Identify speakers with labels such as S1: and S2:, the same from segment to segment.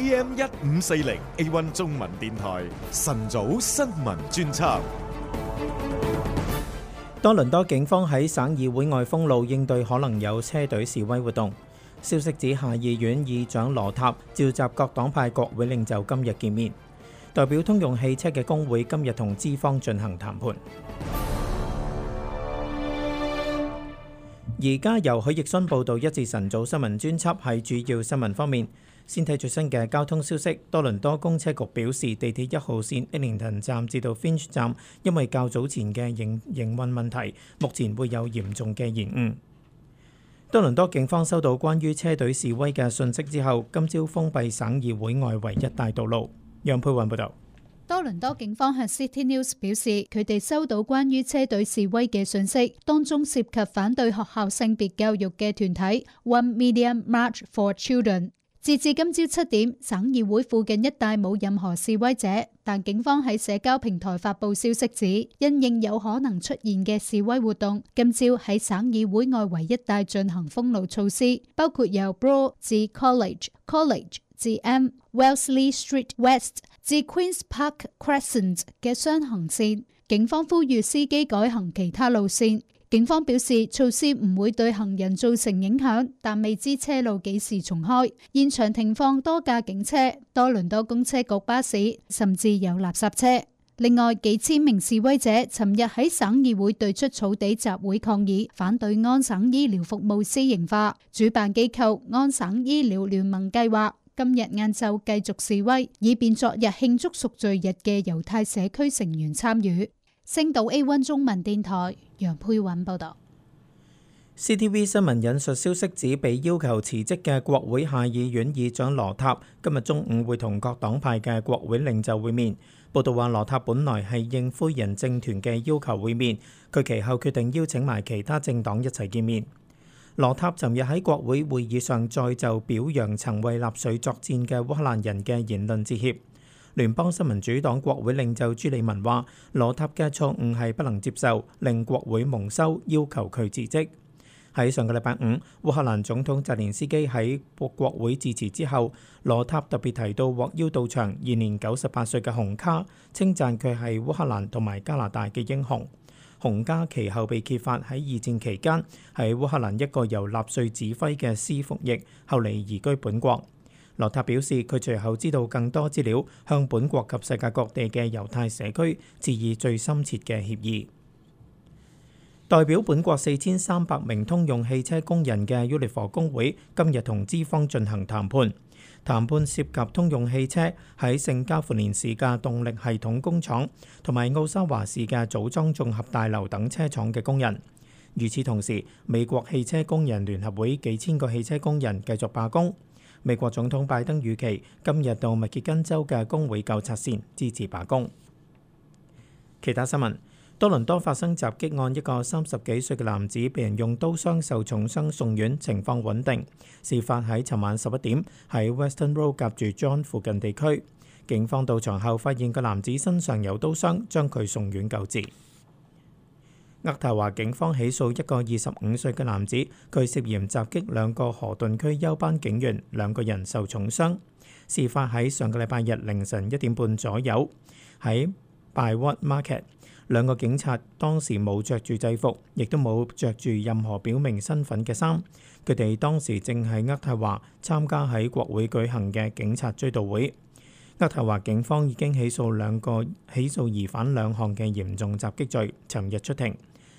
S1: AM 一五四零 A1 中文電台晨早新聞專輯。
S2: 多倫多警方喺省議會外封路，應對可能有車隊示威活動。消息指下議院議長羅塔召集各黨派國會領袖今日見面。代表通用汽車嘅工會今日同資方進行談判。而家由許奕迅報道，一至晨早新聞專輯，係主要新聞方面。先睇最新嘅交通消息。多倫多公車局表示，地鐵一號線的靈騰站至到 Finch 站，因為較早前嘅營營運問題，目前會有嚴重嘅延誤。多倫多警方收到關於車隊示威嘅信息之後，今朝封閉省議會外圍一帶道路。楊佩雲報導。
S3: 多倫多警方向 City News 表示，佢哋收到關於車隊示威嘅信息，當中涉及反對學校性別教育嘅團體 One Million March for Children。截至今朝七點，省議會附近一帶冇任何示威者，但警方喺社交平台發布消息指，因應有可能出現嘅示威活動，今朝喺省議會外圍一帶進行封路措施，包括由 Broad 至 College、College 至 M Wellesley Street West 至 Queen's Park Crescent 嘅雙行線，警方呼籲司機改行其他路線。警方表示措施唔會對行人造成影響，但未知車路幾時重開。現場停放多架警車、多倫多公車局巴士，甚至有垃圾車。另外，幾千名示威者尋日喺省議會對出草地集會抗議，反對安省醫療服務私營化。主辦機構安省醫療聯盟計劃今日晏晝繼續示威，以便昨日慶祝贖罪日嘅猶太社區成員參與。星島 A1 中文電台楊佩韻報道
S4: ，C T V
S2: 新聞引述消息指，被要求辭職嘅國會下議院議長羅塔今日中午會同各黨派嘅國會領袖會面。報道話，羅塔本來係應魁人政團嘅要求會面，佢其後決定邀請埋其他政黨一齊見面。羅塔尋日喺國會會議上再就表揚曾為納粹作戰嘅烏克蘭人嘅言論致歉。聯邦新民主黨國會領袖朱利文話：羅塔嘅錯誤係不能接受，令國會蒙羞，要求佢辭職。喺上個禮拜五，烏克蘭總統澤連斯基喺國會致辭之後，羅塔特別提到獲邀到場、現年九十八歲嘅洪卡，稱讚佢係烏克蘭同埋加拿大嘅英雄。洪卡其後被揭發喺二戰期間喺烏克蘭一個由納粹指揮嘅師服役，後嚟移居本國。羅塔表示，佢隨後知道更多資料，向本國及世界各地嘅猶太社區致以最深切嘅歉意。代表本國四千三百名通用汽車工人嘅 Unifor 工會今日同資方進行談判，談判涉及通用汽車喺聖加夫連市嘅動力系統工廠同埋奧沙華市嘅組裝綜合大樓等車廠嘅工人。與此同時，美國汽車工人聯合會幾千個汽車工人繼續罷工。美國總統拜登預期今日到密歇根州嘅工會糾察線支持罷工。其他新聞：多倫多發生襲擊案，一個三十幾歲嘅男子被人用刀傷受重傷送院，情況穩定。事發喺尋晚十一點喺 Western Road 夾住 John 附近地區，警方到場後發現個男子身上有刀傷，將佢送院救治。厄太華警方起訴一個二十五歲嘅男子，佢涉嫌襲擊兩個河頓區休班警員，兩個人受重傷。事發喺上個禮拜日凌晨一點半左右，喺 Byward Market，兩個警察當時冇著住制服，亦都冇著住任何表明身份嘅衫。佢哋當時正喺厄太華參加喺國會舉行嘅警察追悼會。厄太華警方已經起訴兩個起訴疑犯兩項嘅嚴重襲擊罪，尋日出庭。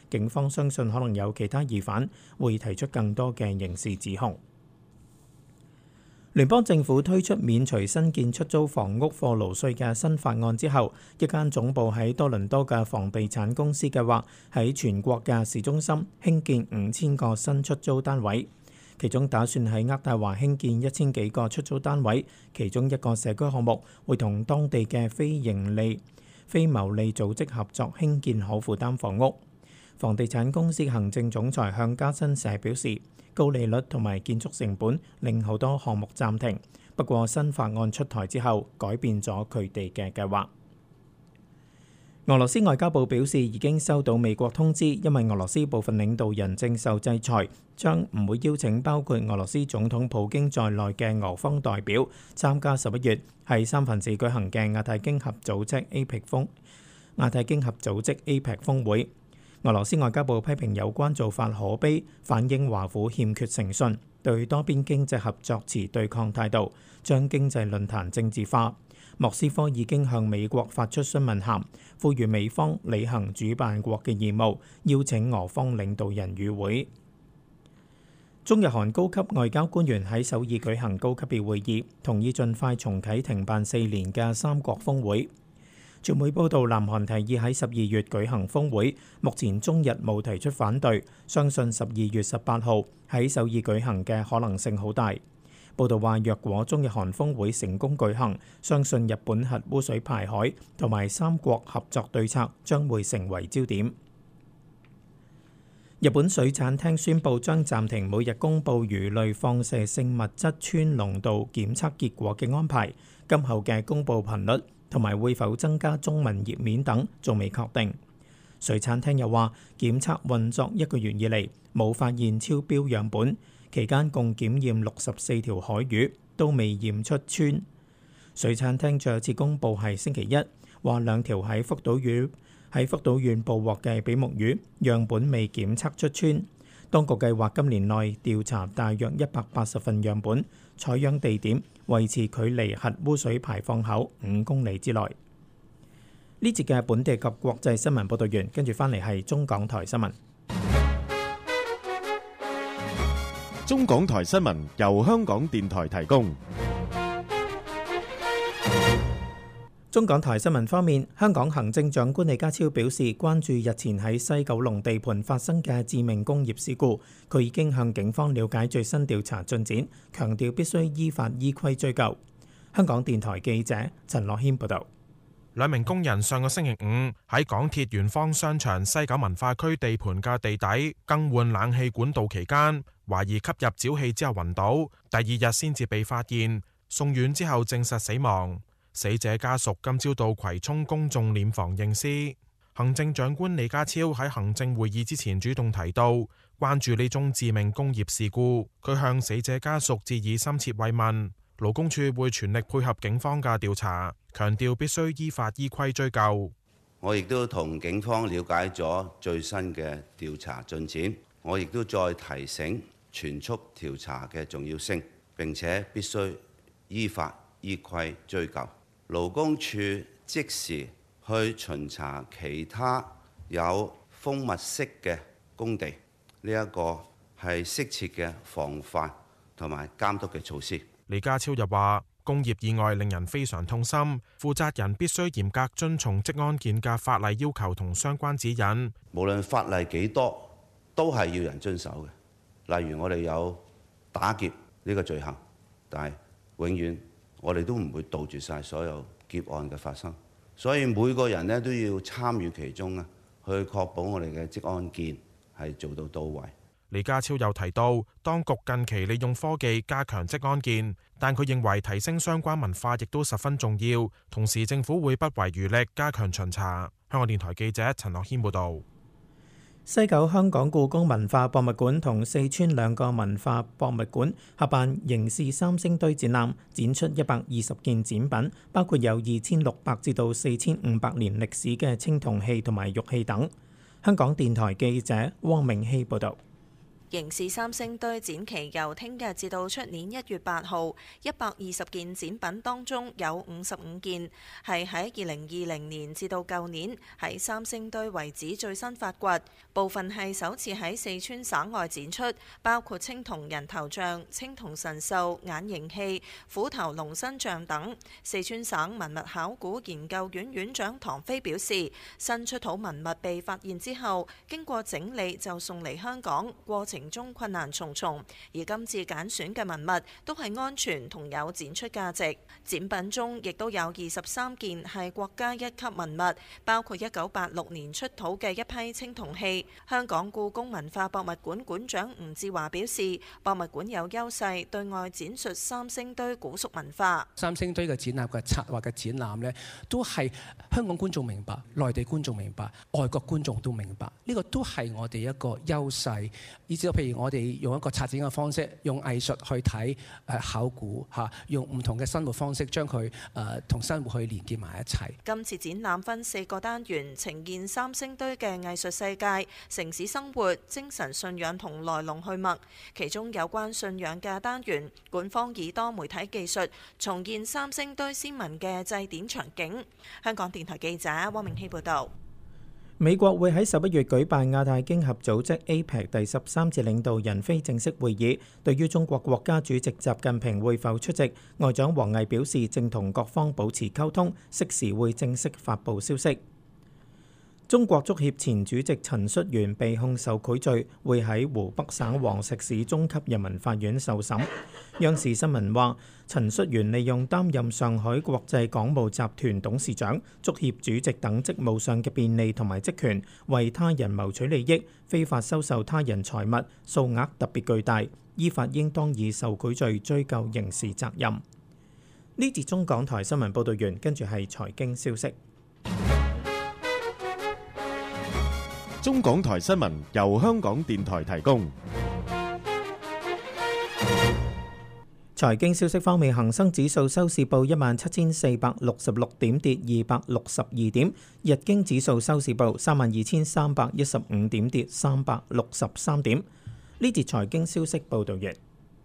S2: 警方相信可能有其他疑犯會提出更多嘅刑事指控。聯邦政府推出免除新建出租房屋貨勞稅嘅新法案之後，一間總部喺多倫多嘅房地產公司計劃喺全國嘅市中心興建五千個新出租單位，其中打算喺渥太華興建一千幾個出租單位，其中一個社區項目會同當地嘅非盈利非牟利組織合作興建可負擔房屋。房地產公司行政總裁向加新社表示，高利率同埋建築成本令好多項目暫停。不過，新法案出台之後，改變咗佢哋嘅計劃。俄羅斯外交部表示，已經收到美國通知，因為俄羅斯部分領導人正受制裁，將唔會邀請包括俄羅斯總統普京在內嘅俄方代表參加十一月喺三藩市舉行嘅亞太經合組織 APEC 峰亞太經合組織 APEC 峰會。俄羅斯外交部批評有關做法可悲，反映華府欠缺誠信，對多邊經濟合作持對抗態度，將經濟論壇政治化。莫斯科已經向美國發出詢問函，呼籲美方履行主辦國嘅義務，邀請俄方領導人與會。中日韓高級外交官員喺首爾舉行高級別會議，同意盡快重啟停辦四年嘅三國峰會。傳媒報道，南韓提議喺十二月舉行峰會，目前中日冇提出反對，相信十二月十八號喺首爾舉行嘅可能性好大。報道話，若果中日韓峰會成功舉行，相信日本核污水排海同埋三國合作對策將會成為焦點。日本水產廳宣布將暫停每日公佈魚類放射性物質氚濃度檢測結果嘅安排，今後嘅公佈頻率，同埋會否增加中文頁面等，仲未確定。水產廳又話，檢測運作一個月以嚟，冇發現超標樣本，期間共檢驗六十四條海魚，都未驗出氚。水產廳上次公佈係星期一，話兩條喺福島縣喺福島縣捕獲嘅比目魚樣本未檢測出氚。當局計劃今年內調查大約一百八十份樣本，採樣地點維持距離核污水排放口五公里之內。呢節嘅本地及國際新聞報道員，跟住返嚟係中港台新聞。中港台新聞由香港電台提供。中港台新聞方面，香港行政長官李家超表示關注日前喺西九龍地盤發生嘅致命工業事故，佢已經向警方了解最新調查進展，強調必須依法依規追究。香港電台記者陳樂謙報道：
S1: 兩名工人上個星期五喺港鐵圓方商場西九文化區地盤嘅地底更換冷氣管道期間，懷疑吸入沼氣之後暈倒，第二日先至被發現送院之後證實死亡。死者家屬今朝到葵涌公眾殮房認屍。行政長官李家超喺行政會議之前主動提到，關注呢宗致命工業事故。佢向死者家屬致以深切慰問。勞工處會全力配合警方嘅調查，強調必須依法依規追究。
S5: 我亦都同警方了解咗最新嘅調查進展。我亦都再提醒全速調查嘅重要性，並且必須依法依規追究。勞工處即時去巡查其他有封密式嘅工地，呢一個係適切嘅防範同埋監督嘅措施。
S1: 李家超又話：工業意外令人非常痛心，負責人必須嚴格遵從職安健嘅法例要求同
S5: 相關指引。無論法例幾多，都係要人遵守嘅。例如我哋有打劫呢個罪行，但係永遠。我哋都唔會杜絕晒所有劫案嘅發生，所以每個人呢都要參與其中啊，去確保我哋嘅職安建係做到到位。
S1: 李家超又提到，當局近期利用科技加強職安建，但佢認為提升相關文化亦都十分重要。同時，政府會不遺餘力加強巡查。香港電台記者
S2: 陳樂軒報導。西九香港故宮文化博物館同四川兩個文化博物館合辦《凝視三星堆》展覽，展出一百二十件展品，包括有二千六百至到四千五百年歷史嘅青銅器同埋玉器等。香港電台記者汪明熙報導。
S4: 刑事三星堆展期由聽日至到出年一月八號一百二十件展品當中有五十五件係喺二零二零年至到舊年喺三星堆遺址最新發掘，部分係首次喺四川省外展出，包括青銅人頭像、青銅神獸眼形器、虎頭龍身像等。四川省文物考古研究院院,院長唐飛表示：新出土文物被發現之後經過整理就送嚟香港，過程。中困難重重，而今次揀選嘅文物都係安全同有展出價值。展品中亦都有二十三件係國家一級文物，包括一九八六年出土嘅一批青銅器。香港故宮文化博物館館長吳志華表示，博物館有優勢對外展述三星堆古蜀文化。
S5: 三星堆嘅展覽嘅策劃嘅展覽呢，都係香港觀眾明白，內地觀眾明白，外國觀眾都明白，呢、這個都係我哋一個優勢，以致譬如我哋用一個策展嘅方式，用藝術去睇誒、啊、考古吓、啊，用唔同嘅生活方式將佢誒同生活去連結埋一齊。
S4: 今次展覽分四個單元，呈現三星堆嘅藝術世界、城市生活、精神信仰同來龍去脈，其中有關信仰嘅單元，館方以多媒體技術重現三星堆先民嘅祭典場景。香港電台記者汪明熙報道。
S2: 美國會喺十一月舉辦亞太經合組織 APEC 第十三次領導人非正式會議，對於中國國家主席習近平會否出席，外長王毅表示正同各方保持溝通，適時會正式發佈消息。中國足協前主席陳戌源被控受賄罪，會喺湖北省黃石市中級人民法院受審。央視新聞話，陳戌源利用擔任上海國際港務集團董事長、足協主席等職務上嘅便利同埋職權，為他人謀取利益，非法收受他人財物，數額特別巨大，依法應當以受賄罪追究刑事責任。呢節中港台新聞報道完，跟住係財經消息。中港台新聞由香港電台提供。財經消息方面，恒生指數收市報一萬七千四百六十六點，跌二百六十二點；日經指數收市報三萬二千三百一十五點，跌三百六十三點。呢節財經消息報道完。